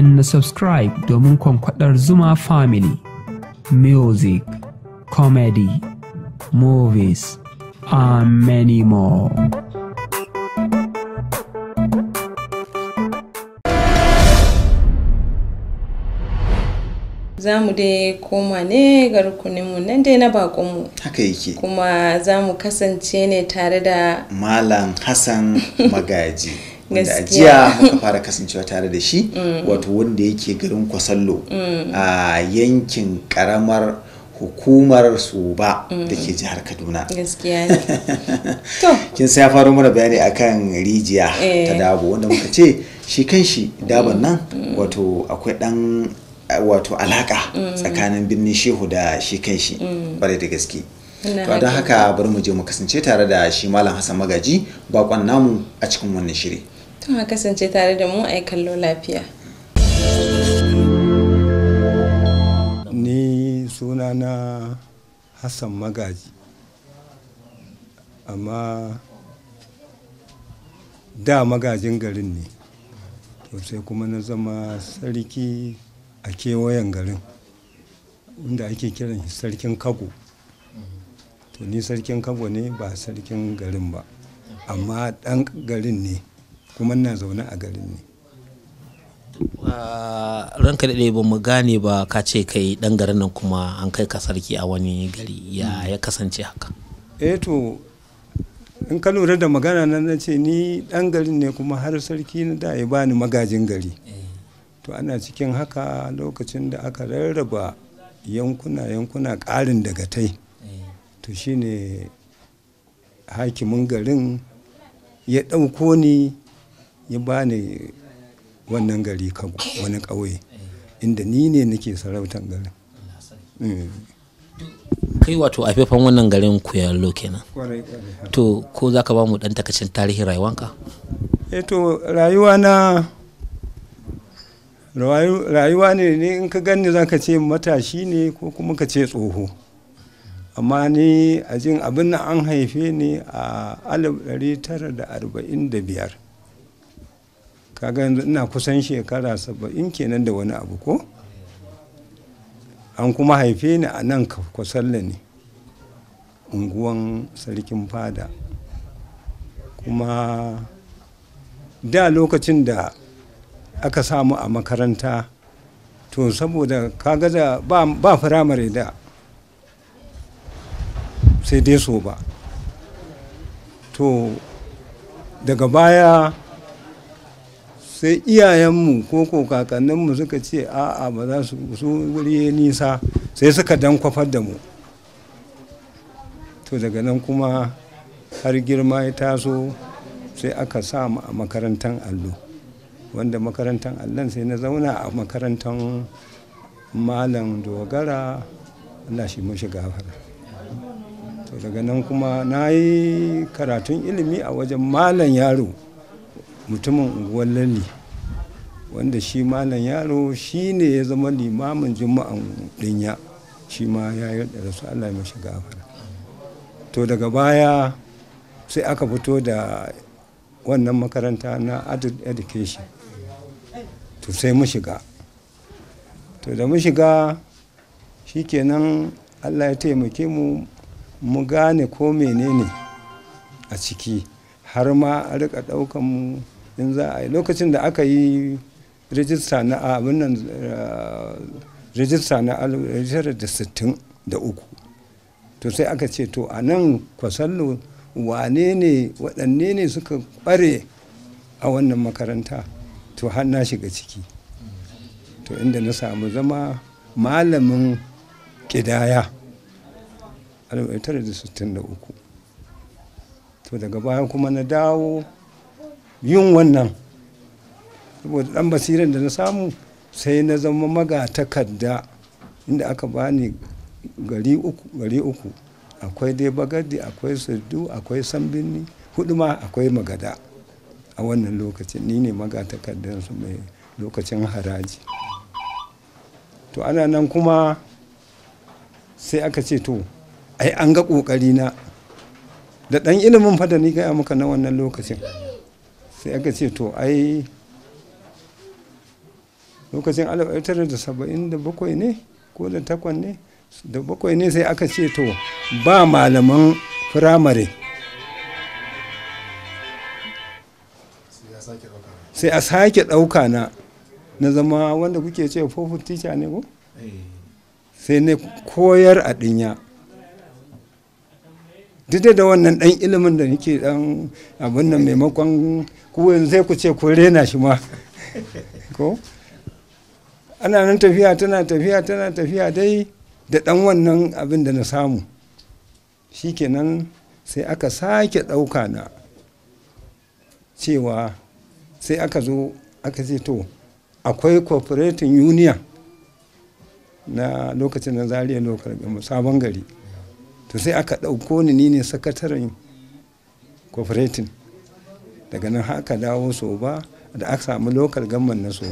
na subscribe domin kwankwadar Zuma Family. Music, comedy, movies, and many more. za mu dai koma ne ga rukuninmu nan dai na bakonmu haka yake kuma za mu kasance ne tare da malam hassan magaji wanda jiya muka fara kasancewa tare da shi mm. wato wanda yake garin kwasallo mm. a yankin karamar hukumar su ba mm. da ke jihar kaduna gaskiya ne kin sai ya faro mana bayani akan rijiya eh. ta dabo wanda muka ce shi kan shi daban nan wato akwai dan wato alaka tsakanin birnin shehu da shi kan shi bare da gaske to don haka bari mu je mu kasance tare da shi malam hasan magaji bakon namu a cikin wannan shiri tun a kasance tare da mu a kallo lafiya. Ni suna na Hassan Magaji, amma da magajin garin ne, to sai kuma na zama sarki a kewayen garin, wanda ake kiran sarkin kago. To ni sarkin kago ne ba sarkin garin ba, amma dan garin ne. kuma na zaune a garin ne ah, ranka daɗe ba mu gane ba ka ce kai ɗan garin nan kuma an kai ka sarki a wani gari ya ya kasance haka eh to in ka lura da magana nan na ce ni ɗan garin ne kuma har sarki na da ya bani magajin gari to ana cikin haka lokacin da aka rarraba yankuna yankuna ƙarin daga tai to shine hakimin garin ya ɗauko ni ya ni wannan gari kago wani ƙauye inda ni ne nake sarautar garin mm. kai wato a faifan wannan garin ku kuyallo kenan to ko za ka ba mu ɗan takacin tarihin rayuwanka eh, to rayuwa na rayuwa ne ne in ka gani za ka ce matashi ne ko kuma ka ce tsoho amma ni a jin abin nan an haife ni a 1945 kaga yanzu ina kusan shekara saba'in kenan da wani abu ko an kuma haife ni a nan kwasalla ne unguwan sarkin fada kuma da lokacin da aka samu a makaranta to saboda kaga da ba firamare da sai dai so ba to daga baya sai iyayenmu ko kakanninmu suka ce a'a ba za su su wuri nisa sai suka dan kwafar da mu to daga nan kuma har girma ya taso sai aka sa mu a makarantar allo wanda makarantar allon sai na zauna a makarantar malam dogara allah shi mashi gafara to daga nan kuma na yi karatun ilimi a wajen malam yaro mutumin unguwar lalli wanda shi malam yaro shi ne ya zama limamin juma'an dinya shi ma ya yi da su allah ya shiga gafara to daga baya sai aka fito da wannan makaranta na adult education to sai mu shiga to da mu shiga shi kenan allah ya taimake mu mu gane ko menene a ciki har ma a rika ɗaukan mu in za a yi lokacin da aka yi rijista na abin nan eh, rijista na da sittin da uku to sai aka ce to a nan kwasallo wane ne waɗanne ne suka ɓare a wannan makaranta to har na shiga ciki to inda na samu zama malamin ƙidaya uku to daga baya kuma na dawo yin wannan saboda dan basiran da na samu sai na zama magatakarda inda aka bani gari uku gari uku akwai dai bagadi akwai sardu akwai sambinni hudu ma akwai magada a wannan lokacin ni ne su mai lokacin haraji to ana nan kuma sai aka ce to ai an ga ƙoƙari na da ɗan ilimin fa da ni gaya maka na wannan lokacin sai aka ce to ai lokacin 1977 ne ko da takwan ne da bakwai ne sai aka ce to ba malaman firamare sai a sake ɗauka na na zama wanda kuke ce fofin teacher ne ko eh. sai ne koyar a ɗinya duk da wannan dan ilimin da nake dan abin nan maimakon ku yanzu sai ku ce ku rena shi ma ko ana nan tafiya tana tafiya tana tafiya dai da dan wannan abin da na samu shikenan sai aka sake ɗauka na cewa sai aka zo aka ce to akwai cooperating union na lokacin na zariya lokacin sabon gari to sai aka ɗauko ni ni ne sakataren cooperating daga nan haka dawo so ba da aka samu lokal gamman na so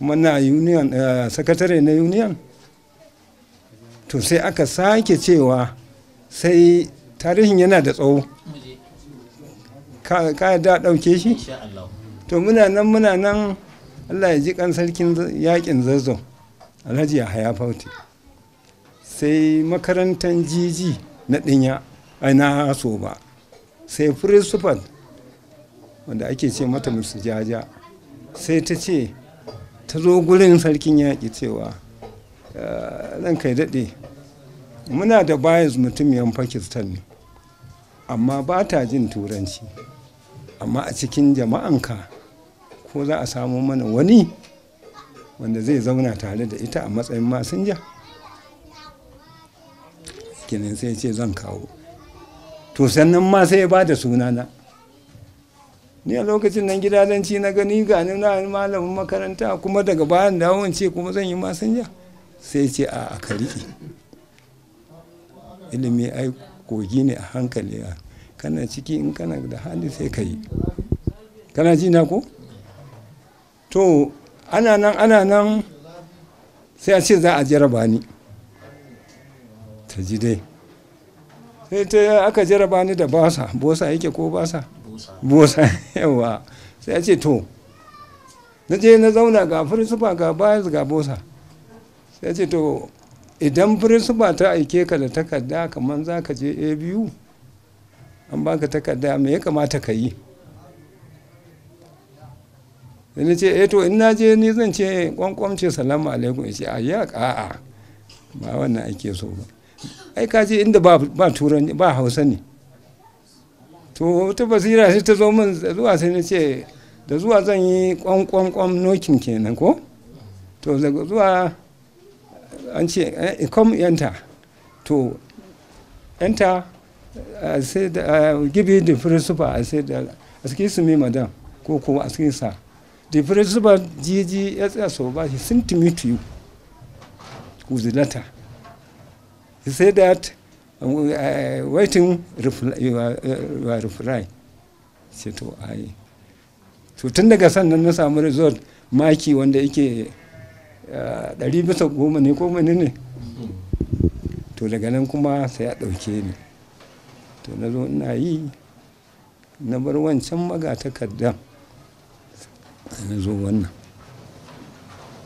kuma na union eh, sakatare na union to sai aka sake cewa sai tarihin yana da tsawo ka da dauke shi to muna nan muna nan allah ya ji kan sarkin yakin zazzau alhaji ya haya fauti sai makarantar jiji na ɗinya na so ba sai principal wanda ake ce mata musu jaja sai ta ce ta zo gurin sarkin yaƙi cewa nan eh, kai daɗe muna da bayan mutum 'yan pakistan ne amma ba ta jin turanci amma a cikin jama'anka ko za a samu mana wani wanda zai zauna tare da ita a matsayin masinja kinin sai ce zan kawo to sannan ma sai ya ba da sunana ni a lokacin nan ci na gani ni na malamin makaranta kuma daga bayan dawon ce kuma zan yi masanja sai ce a a ilimi ai kogi ne a hankali kana ciki in kana da hali sai ka yi kana ji na ko to ana nan ana nan sai a ce za a jaraba ni ta ji dai sai ta aka jaraba ni da basa bosa yake ko basa bosa yawa sai ya ce to na je na zauna ga firinsifa ga bayas ga bosa sai ya ce to idan firinsifa ta aike ka da takarda kamar za ka je a biyu an baka takarda me ya kamata ka yi sai na ce eh to in na je ni zan ce kwankwamce salamu alaikum ya ce a ya a'a ba wannan ake so ba ai ka je inda ba turan ba hausa ne to wata basira sai ta zo min zuwa sai na ce da zuwa zan yi kwam-kwam-kwam nokin kenan ko to daga zuwa an ce kom eh, yanta to yanta a eh, sai da gibi da firisufa a sai da a suke su mai madam ko kuma a suke sa the principal jiji ya tsaya so ba shi sun me to you with the letter he said that uh, waiting reply sai to ai to tun daga sannan na samu result maki wanda yake ah, ɗari bisa goma ne ko mani ne to daga nan kuma sai a ɗauke ni to na zo ina yi na bar wancan kadda na zo wannan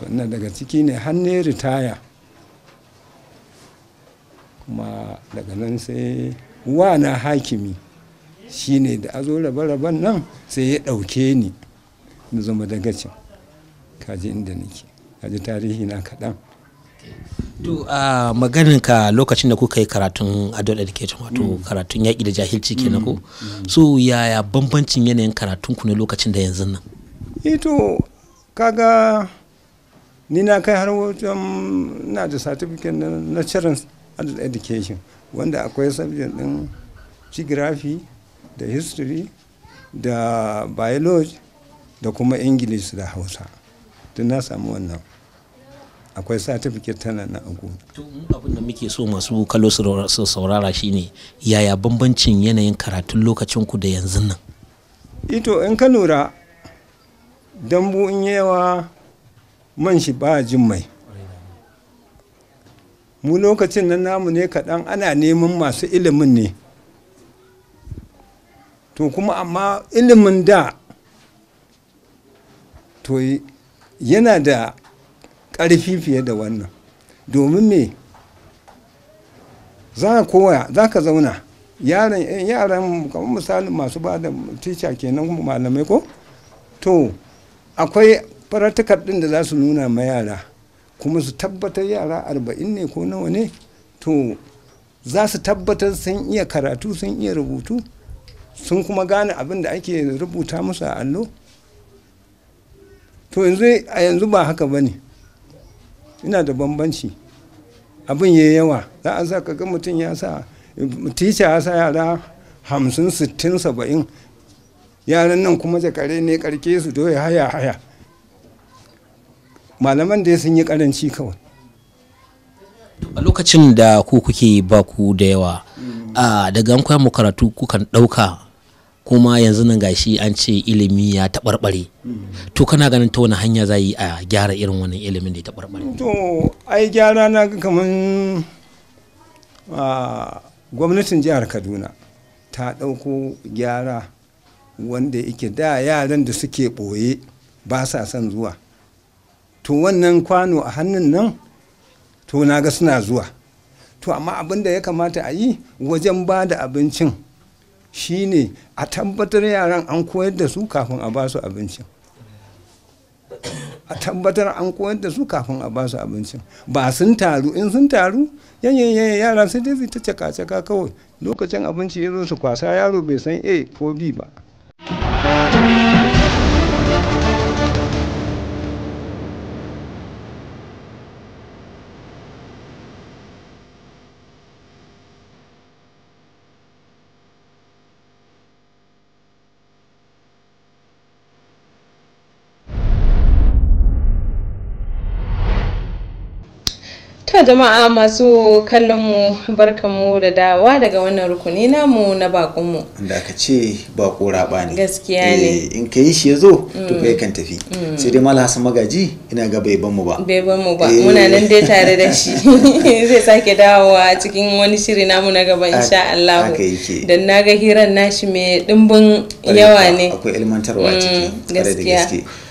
wannan daga ciki ne har ne ritaya kuma daga nan sai na hakimi shine da azo rabe-raben nan sai ya ɗauke ni na zama can kaji inda nake kaji tarihi na kaɗan to a maganin ka lokacin da kuka yi karatun adult education wato mm. karatun yaƙi da jahilci mm. na ko mm. so yaya bambancin yanayin karatun ku ne lokacin da yanzu nan ito eh kaga ni na kai har wajen na da certificate na challenge adult education wanda akwai subject ɗin geography da history da biology da kuma english da hausa tun na samu wannan akwai certificate tana na agu abin da muke so masu kallo su saurara shine yaya bambancin yanayin karatun lokacin ku da yanzu nan ito in ka lura dambu in yawa man shi ba jin mai mu lokacin nan namu ne kaɗan ana neman masu ilimin ne to kuma amma ilimin da to yana da ƙarfi fiye da wannan domin me za ka koya za ka zauna yaran eh, yaran kamar misalin masu ba da tica kenan malamai ko to akwai faratukar ɗin da za su nuna ma yara kuma su tabbatar yara arba'in ne ko nawa ne to za su tabbatar sun iya karatu sun iya rubutu sun kuma gane abin da ake rubuta musu a allo to yanzu a yanzu ba haka ba ne ina da bambanci abin ya yawa za a sa ga mutum ya sa tisha ya sa yara hamsin sittin saba'in yaran nan kuma jakare ne karke su doya haya haya malaman dai sun yi karanci kawai a lokacin da ku kuke baku da yawa a daga an mu karatu kukan ɗauka kuma yanzu nan gashi an ce ilimi ya taɓarɓare to kana ganin ta wani hanya za yi a gyara irin wannan ilimin da ya taɓarɓare to ai gyara na kamar gwamnatin jihar kaduna ta ɗauko gyara wanda yake da yaran da suke ɓoye ba sa son zuwa to wannan kwano a hannun nan to na ga suna zuwa to amma abin da ya kamata a yi wajen ba da abincin shine a tabbatar yaran an koyar da su kafin a ba su abincin a tabbatar an koyar da su kafin a ba su abincin ba sun taru in sun taru yanyan yara sai dai ta caka-caka kawai lokacin abinci ya zo su kwasa yaro bai san a ko b ba jama'a masu kallon mu barkamu da dawa daga wannan rukuni namu na bakonmu. da aka ce bako raba ne gaskiya ne eh, in ka yi shi ya zo to kai mm. kan tafi mm. sai dai mala hasan magaji ina ga bai ban mu ba bai ban mu ba eh. muna nan dai tare da shi zai sake dawowa cikin wani shiri namu na gaba insha Allah dan naga hirar nashi mai dimbin yawa ne akwai ilmantarwa cikin mm, gaskiya